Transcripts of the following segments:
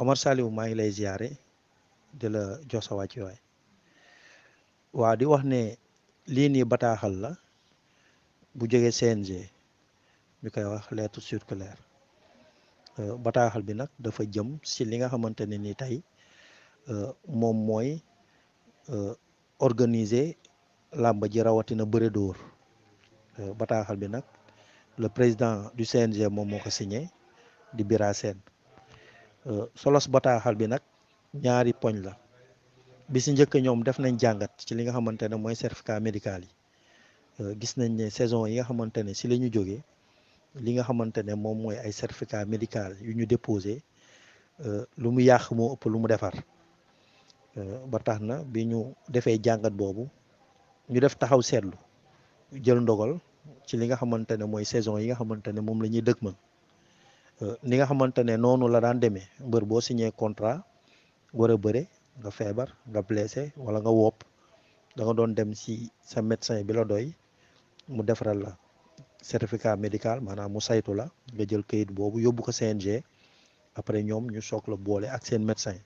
Omar Saliou maa ngi lay ziare di la jox sa wàcc waay waaw di wax ne lii nii bataaxal la bu jógee CNG ñu koy wax lettre circulaire euh, bataaxal bi nag dafa jëm si li nga xamante ne ni tey euh, moom mooy euh, organiser làmb ji rawatina bëre dóor bataaxal bi nag le président du CNG moom moo ko signé di biraa Sène Euh, solos bataaxal bi nag ñaari poñ la bi si njëkk ñoom def nañ jàngat ci li nga xamante ne mooy certificat médical yi euh, gis nañ ne saison yi nga xamante ne si la ñu jógee li nga xamante ne moom mooy ay certificat médical yu ñu déposé euh, lu mu yàq moo ëpp lu mu defar ba tax na bi ñu defee jàngat boobu ñu def taxaw seetlu jël ndogal ci li nga xamante ne mooy saison yi nga xamante ne moom la ñuy dëgmal ni nga xamante ne noonu la daan demee mbër boo signé contrat war a bëre nga feebar nga blessé wala nga wopp da doon dem si sa médecin bi la doy mu defaral la certificat médical maanaam mu saytu la nga jël kayit boobu yóbbu ko CNG après ñoom ñu soog la boole ak seen médecin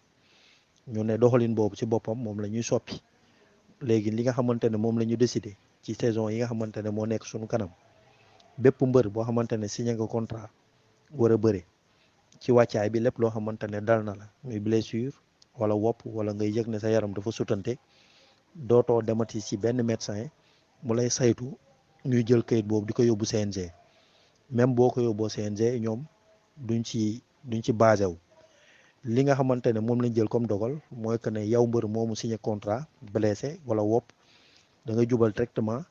ñu ne doxalin boobu ci boppam moom la ñuy soppi léegi li nga xamante ne moom la ñu décidé ci saison yi nga xamante ne moo nekk suñu kanam bépp mbër boo xamante ne signé nga contrat. war a bëre ci wàccaay bi lépp loo xamante ne dal na la muy blessure wala wopp wala ngay yëg ne sa yaram dafa sutante dootoo demati ci benn médecin mu lay saytu ñuy jël kayit boobu di ko yóbbu CNG même boo ko yóbboo CNG ñoom duñ ci duñ ci basé wu li nga xamante ne moom lañ jël comme dogal mooy que ne yow mbër moomu signé contrat blessé wala wopp da ngay jubal directement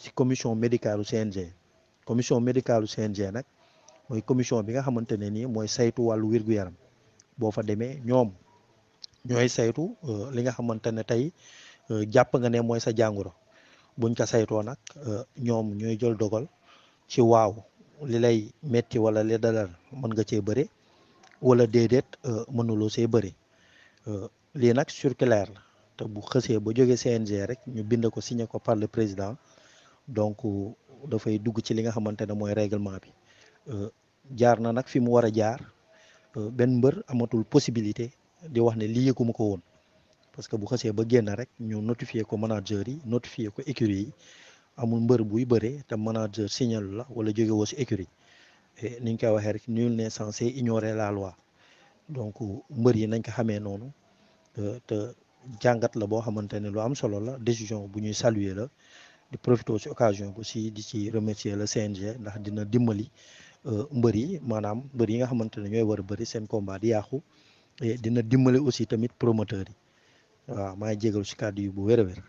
ci commission médicale CNG commission médicale u CNG nag mooy commission bi nga xamante ne nii mooy saytu wàllu wér-gu-yaram boo fa demee ñoom ñooy saytu euh, li nga xamante ne tey euh, jàpp nga ne mooy sa jàngoro buñ ko saytoo nag euh, ñoom ñooy jël dogal ci waaw li lay metti wala li dalal mën nga cee bëre wala déedéet mënuloo see bëre lii nag circulaire la te bu xësee ba jóge CNG rek ñu bind ko signé ko par le président donc dafay dugg ci li nga xamante ne mooy règlement bi jaar na nag fi mu war a jaar euh, benn mbër amatul possibilité di wax ne lii yëguma ko woon parce que bu xasee ba génn rek ñu notifier ko manager yi notifier ko écurie yi amul mbër buy bëree te manager signalu la wala jóge woo si écurie niñ ñu koy waxee rek nul n'est censé ignorer la loi donc mbër yi nañ ko xamee noonu euh, te jàngat la boo xamante ne lu am solo la décision bu ñuy saluer la di profité si occasion bi aussi di ci remercier le CNG ndax dina dimbali Euh, mbër yi maanaam mbër yi nga xamante ne ñooy war a bëri seen combat di yàqu dina dimbale aussi tamit promoteur yi waaw maa ngi si kàddu yi bu wér a wér